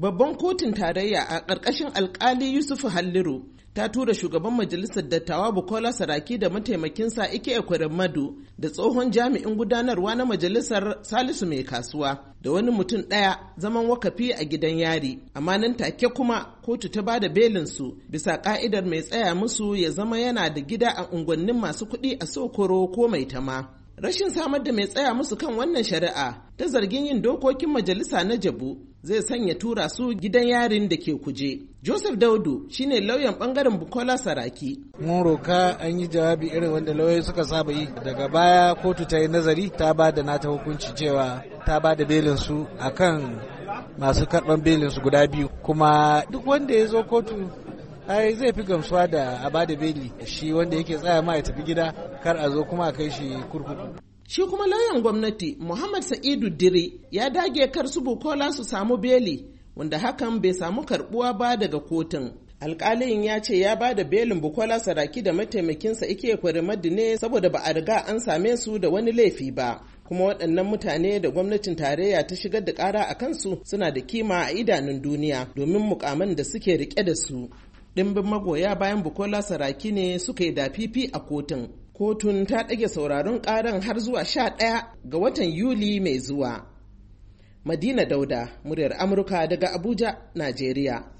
Babban kotun tarayya a ƙarƙashin alkali Yusufu Halliru ta tura shugaban majalisar dattawa Bukola Saraki da mataimakinsa Ike Ekweremadu da tsohon jami'in gudanarwa na majalisar Salisu mai kasuwa da wani mutum ɗaya zaman wakafi a gidan yari. Amma nan take kuma kotu ta bada belinsu bisa ka'idar mai tsaya musu ya zama yana da gida a unguwannin masu kuɗi a Sokoro ko mai tama. Rashin samar da mai tsaya musu kan wannan shari'a ta zargin yin dokokin majalisa na jabu zai sanya tura su gidan yarin da ke kuje. Joseph Daudu shine lauyan bangaren Bukola Saraki. Mun roka an yi jawabi irin wanda lauyoyi suka saba yi. Daga baya kotu ta yi nazari ta ba da nata hukunci cewa ta ba da belin su akan masu karban belin su guda biyu. Kuma duk wanda ya zo kotu ai zai fi gamsuwa da a bada beli shi wanda yake tsaya ma ya tafi gida kar a zo kuma a kai shi kurkuku Shi kuma lauyan gwamnati Muhammad Sa'idu Dire ya dage kar su Bukola su samu beli wanda hakan bai samu karbuwa ba daga kotun. alkalin ya ce ya ba da belin Bukola Saraki da mataimakinsa Ike Kwarimaddi ne saboda ba a riga an same su da wani laifi ba. Kuma waɗannan mutane da gwamnatin tarayya ta shigar da ƙara a kansu suna da kima a idanun duniya domin mukaman da suke rike da su. Dimbin magoya bayan bukola saraki ne suka yi dafifi a kotun kotun ta ɗage sauraron ƙaran har zuwa sha ɗaya ga watan yuli mai zuwa madina dauda muryar amurka daga abuja najeriya